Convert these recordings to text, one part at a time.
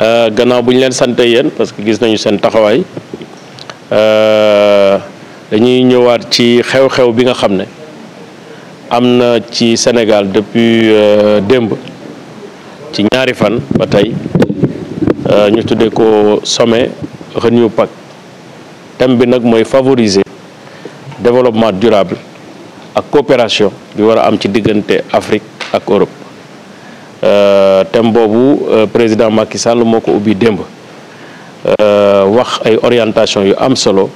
Euh, gannaaw bu ñu leen sante yéen parce que gis nañu seen euh dañuy ñëwaat ci xew-xew bi nga xamné ne ci Sénégal depuis euh, Demb. ci ñaari fan ba euh ñu tuddé ko sommet Renew Pac thème bi nag favoriser développement durable ak coopération bi wara am ci digënté Afrique ak Europe euh, thème euh, président Macky Sall moko ubi ubbi euh wax ay orientation yu am solo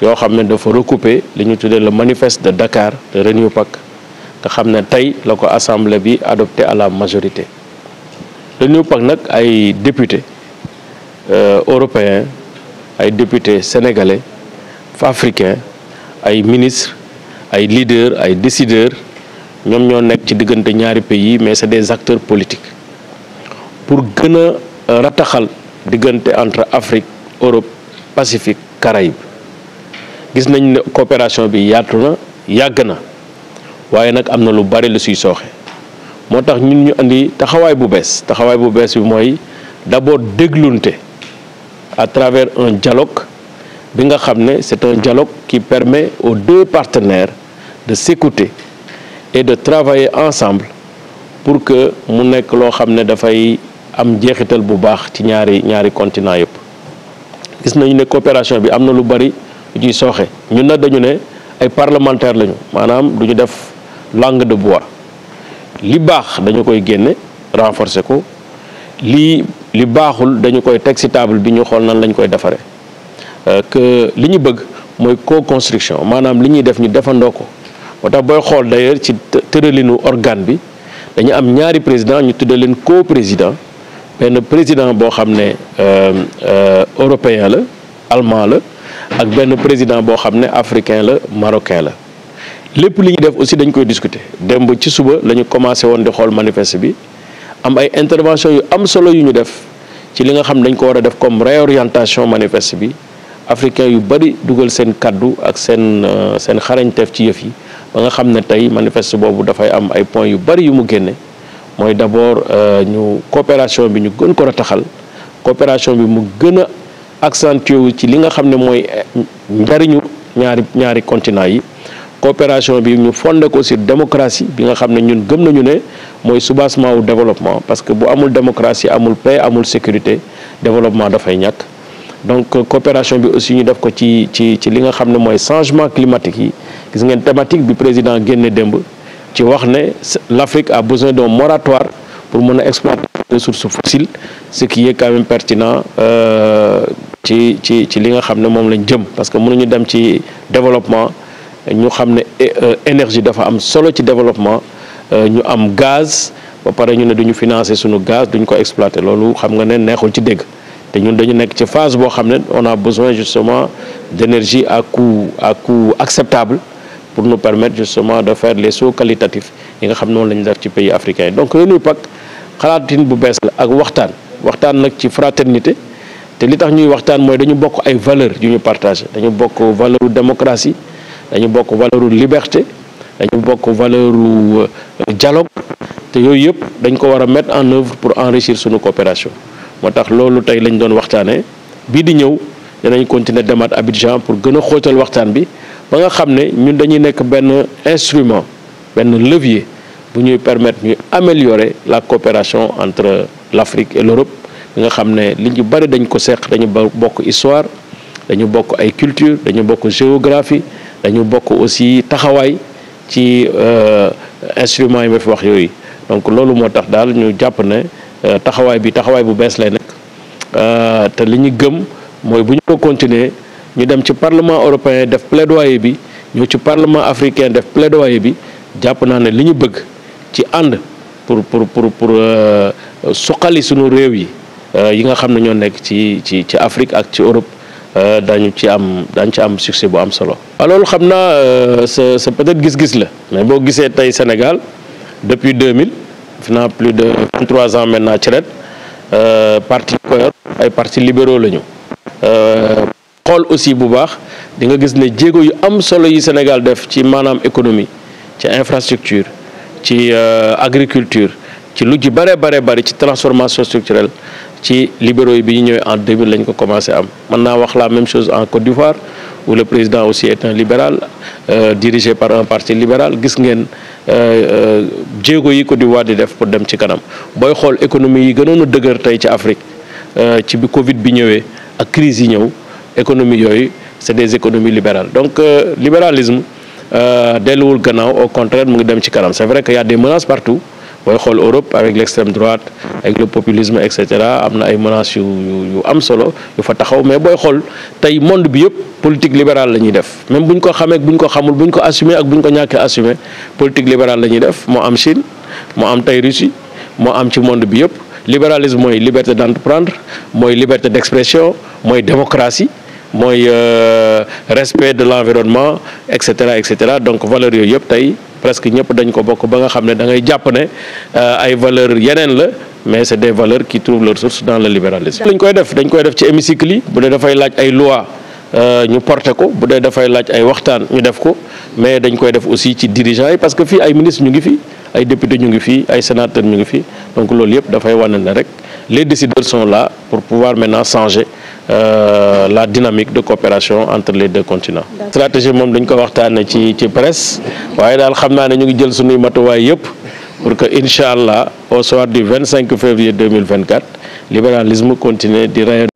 recouper le manifeste de Dakar de Renew PAC nga xam tay adopté à la majorité Renew PAC nak ay député euh, européen ay député sénégalais africain ay ministres, ay leaders, ay décideurs, ñom ñoo nek ci digënté ñaari pays mais c'est des acteurs politiques pour gëna euh, rataxal digënté entre Afrique Europe Pacifique Caraïbes gis nañ ne coopération bi yatuna yagna wayé nak amna lu bari lu suy soxé motax ñun ñu andi taxaway bu bess taxaway bu bess bi moy d'abord déglunté à travers un dialogue bi nga xamné c'est un dialogue qui permet aux deux partenaires de s'écouter et de travailler ensemble pour que mu nek lo xam da fay am jeexital bu baax ci ñaari ñaari continent yëpp gis nañu ne coopération bi amna lu bari ci soxé sooxe ñun nag dañu ne ay parlementaire lañu manam duñu def langue de bois li baax dañu koy génne renforcer ko li li baaxul dañu koy teg ci table bi ñu xol nan lañ koy défaré euh que liñu bëgg moy co-construction manam li def ñu defandoo moo tax booy xool d'ailleurs ci tëralinu organe bi dañu am ñaari président ñu tuddee leen co-président benn président boo xam ne euh, euh, européen la allemand la ak benn président boo xam ne africain la marocain la lépp li ñu def aussi dañ koy discuter démb ci suba la ñu commencé woon di xool manifeste bi am ay intervention yu am solo yu ñu def ci li nga xam dañ ko war a def comme réorientation manifeste bi africain yu bari dugal seen kaddu ak seen euh, seen xarañteef ci yëf yi ba nga xam ne tey manifeste boobu dafay am ay points yu bari yu mu génne mooy d'abord euh, ñu coopération bi ñu gën ko rataxal coopération bi mu gën a accentué wu ci li nga xam ne mooy euh, njariñu ñaari ñaari continent yi coopération bi ñu fondé ko sur démocratie bi nga xam ne ñun gëm nañu ne mooy soubassement wu développement parce que bu amul démocratie amul paix amul sécurité développement dafay ñàkk donc euh, coopération bi aussi ñu def ko ci ci ci li nga moy changement climatique yi gis ngeen thématique bi président génne demb ci wax ne l'Afrique a besoin d'un moratoire pour mon exploiter les ressources fossiles ce qui est quand même pertinent euh, ci ci ci li nga xam mom moom lañ jëm parce que ñu dem ci développement ñu avons euh, énergie dafa am solo ci développement ñu am gaz ba paré ñu né duñu financer suñu gaz nous ko exploiter lolu xam nga né neexul ci dégg te ñun dañu nekk ci phase boo xam on a besoin justement d'énergie à coût à coût acceptable pour nous permettre justement de faire les sauts qualitatifs yi nga xam dans la ci pays africains donc réunion PAC xalaatin bu nous la ak waxtaan waxtaan nag ci fraternité te li tax ñuy waxtaan mooy dañu bokk ay valeurs yu ñu beaucoup dañu bokk valeuru démocratie dañu bokk valeuru liberté dañu bokk valeuru euh, dialogue te yooyu yëpp dañ ko war mettre en œuvre pour enrichir suñu coopération motax tax tay tey lañ doon waxtaanee bii di ñew dinañ continuer demat Abidjan pour gëna a xóotal bi ba nga xamné ñun dañuy nekk ben instrument ben levier bu ñuy permettre ñuy améliorer la coopération entre l'Afrique et l'Europe bi nga xamné ne li bari dañ ko seq dañu bokk histoire dañu bokk ay culture dañu bokk géographie dañu bokk aussi taxaway ci euh instrument yi ma wax yoy donc loolu motax dal ñu japp né Euh, taxawaay bi taxawaay bu bees lay nekk euh, te li ñu gëm mooy bu ñu ko continuer ñu dem ci parlement européen def plaidoyer bi ñu ci parlement africain def plaidoyer bi jàpp naa ne li ñu bëgg ci ànd pour pour pour pour euh, suqali sunu réew yi yi nga xam ne ñoo nekk ci ci ci Afrique ak ci Europe dañu ci am dañu ci am succès bu am solo. waaw ah, loolu xam naa sa sa peut-être gis-gis la mais boo gisee tey Sénégal depuis 2000. def plus de 23 ans maintenant ci ren euh, parti ko ay parti libéraux la ñu euh, xool aussi bu baax di nga gis ne jéego yu am solo yi Sénégal def ci maanaam économie ci infrastructure ci euh, agriculture ci lu ji bare bare bari ci transformation structurelle ci libéro yi bi ñu ñëwee en 2000 lañ ko commencé am mën naa wax la même chose en Côte d'Ivoire où le président aussi est un libéral euh, dirigé par un parti libéral gis ngeen a euh, euh, yi Côte d'Ivoire de def pour dem ci kanam boy xol économie yi gënonu deugër tay ci Afrique ci bi Covid bi ñëwé ak crise yi ñëw économie yoy c'est des économies libérales donc libéralisme déluul gannaaw au contraire mu ngi dem ci kanam c'est vrai qu'il y a des menaces partout booy xool Europe avec l'extrême droite avec le populisme et cetera am na ay menaces yu am solo yu fa taxaw mais booy xool tey monde bi yëpp politique libérale la ñuy def même bu ko xamee bu ñu ko xamul bu ñu ko assumer ak bu ko ñàkkee assumer politique libérale lañuy ñuy def moo am Chine moo am tey Russie moo am ci monde bi yëpp libéralisme mooy liberté d'entreprendre mooy liberté d'expression mooy démocratie mooy euh, respect de l'environnement et cetera et cetera donc valeurs yooyu yëpp tey. presque ñëpp dañ ko bokk ba nga xam ne da ngay jàpp ne euh, ay valeur yeneen la mais c'est des valeurs qui trouvent leur source dans le libéralisme. lañ koy def dañ koy def ci hémicycle yi bu dee dafay laaj ay loi euh, ñu porter ko bu dee dafay laaj ay waxtaan ñu def ko mais dañ koy def aussi ci dirigeants parce que fii ay ministres ñu ngi fi ay députés ñu ngi fi ay sénateurs ñu ngi fi donc loolu yëpp dafay wane ne rek les décideurs sont là pour pouvoir maintenant changer. Euh, la dynamique de coopération entre les deux continents. stratégie moom dañu ko waxtaanee ci ci presse waaye daal xam naa ne ñu ngi jël suñuy matuwaay yëpp pour que incha allah au soir du 25 février 2024 libéralisme continue di rayonner.